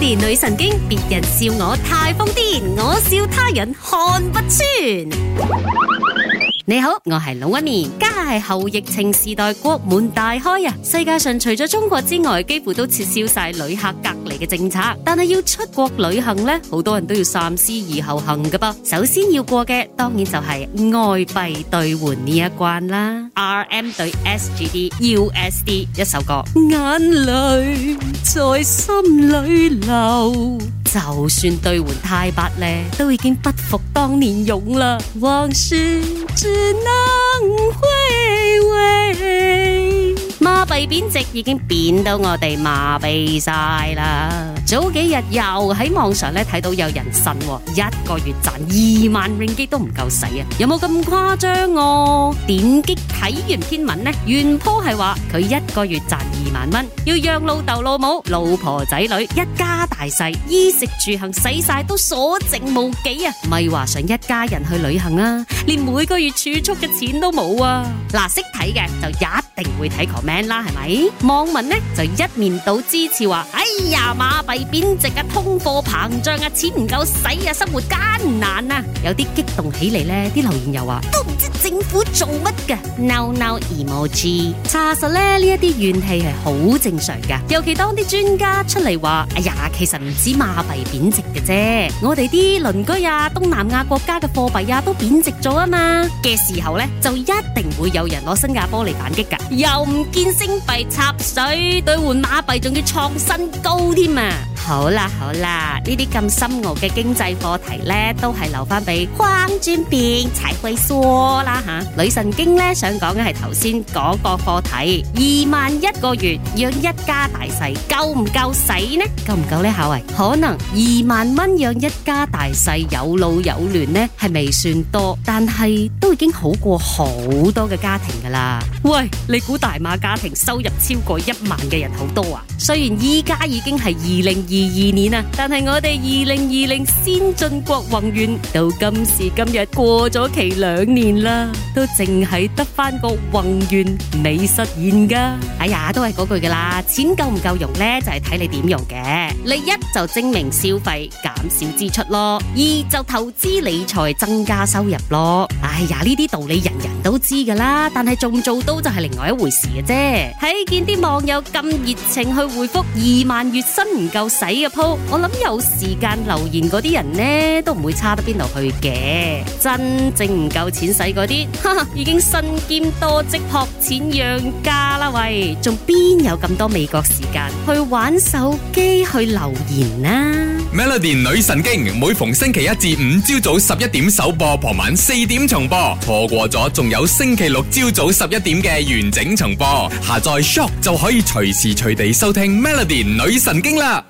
年女神經，別人笑我太瘋癲，我笑他人看不穿。你好，我係老一。而家係後疫情時代國門大開啊！世界上除咗中國之外，幾乎都撤銷晒旅客隔。嚟嘅政策，但係要出國旅行咧，好多人都要三思而後行噶噃。首先要過嘅，當然就係外幣兌換呢一關啦。RM 對 SGD USD 一首歌，眼淚在心裏流，就算兌換太白咧，都已經不復當年勇啦。往事只能回。幣貶值已經貶到我哋麻痹晒啦！早幾日又喺網上咧睇到有人呻，一個月賺二萬 ringgit 都唔夠使啊！有冇咁誇張哦？點擊睇完篇文呢，原 po 係話佢一個月賺二萬蚊，要讓老豆老母、老婆仔女一家大細衣食住行使晒都所剩無幾啊！咪話想一家人去旅行啊？連每個月儲蓄嘅錢都冇啊！嗱，識睇嘅就一定會睇 comment 啦。網民咧就一面倒支持話，哎呀，馬幣貶值啊，通貨膨脹啊，錢唔夠使啊，生活艱難啊，有啲激動起嚟咧，啲留言又話。哦政府做乜？No no emoji，查實咧，呢一啲怨氣係好正常噶。尤其當啲專家出嚟話：哎呀，其實唔止馬幣貶值嘅啫，我哋啲鄰居啊，東南亞國家嘅貨幣啊都貶值咗啊嘛。嘅時候呢，就一定會有人攞新加坡嚟反擊噶。又唔見星幣插水，兌換馬幣仲要創新高添啊！好啦好啦，呢啲咁深奧嘅經濟課題呢，都係留翻俾框轉變柴灰疏啦吓。女神經呢，想講嘅係頭先講個課題，二萬一個月養一家大細夠唔夠使呢？夠唔夠呢？夏慧，可能二萬蚊養一家大細有老有嫩呢，係未算多，但係都已經好過好多嘅家庭噶啦。喂，你估大馬家庭收入超過一萬嘅人好多啊？雖然依家已經係二零二。二年啊，但係我哋二零二零先進國宏願，到今時今日過咗期兩年啦，都淨係得翻個宏願未實現噶。哎呀，都係嗰句噶啦，錢夠唔夠用呢？就係、是、睇，你點用嘅。你一就證明消費減少支出咯，二就投資理財增加收入咯。哎呀，呢啲道理人人都知噶啦，但係仲做唔做到就係另外一回事嘅啫。睇見啲網友咁熱情去回覆二萬月薪唔夠使嘅鋪，我諗有時間留言嗰啲人呢，都唔會差得邊度去嘅。真正唔夠錢使嗰啲，已經身兼多職撲錢養家啦。喂，仲邊有咁多美國時間去玩手機去留言啊？Melody 女神經，每逢星期一至五朝早十一點首播，傍晚四點重播。錯過咗仲？有星期六朝早十一點嘅完整重播，下載 Shop 就可以隨時隨地收聽 Melody 女神經啦。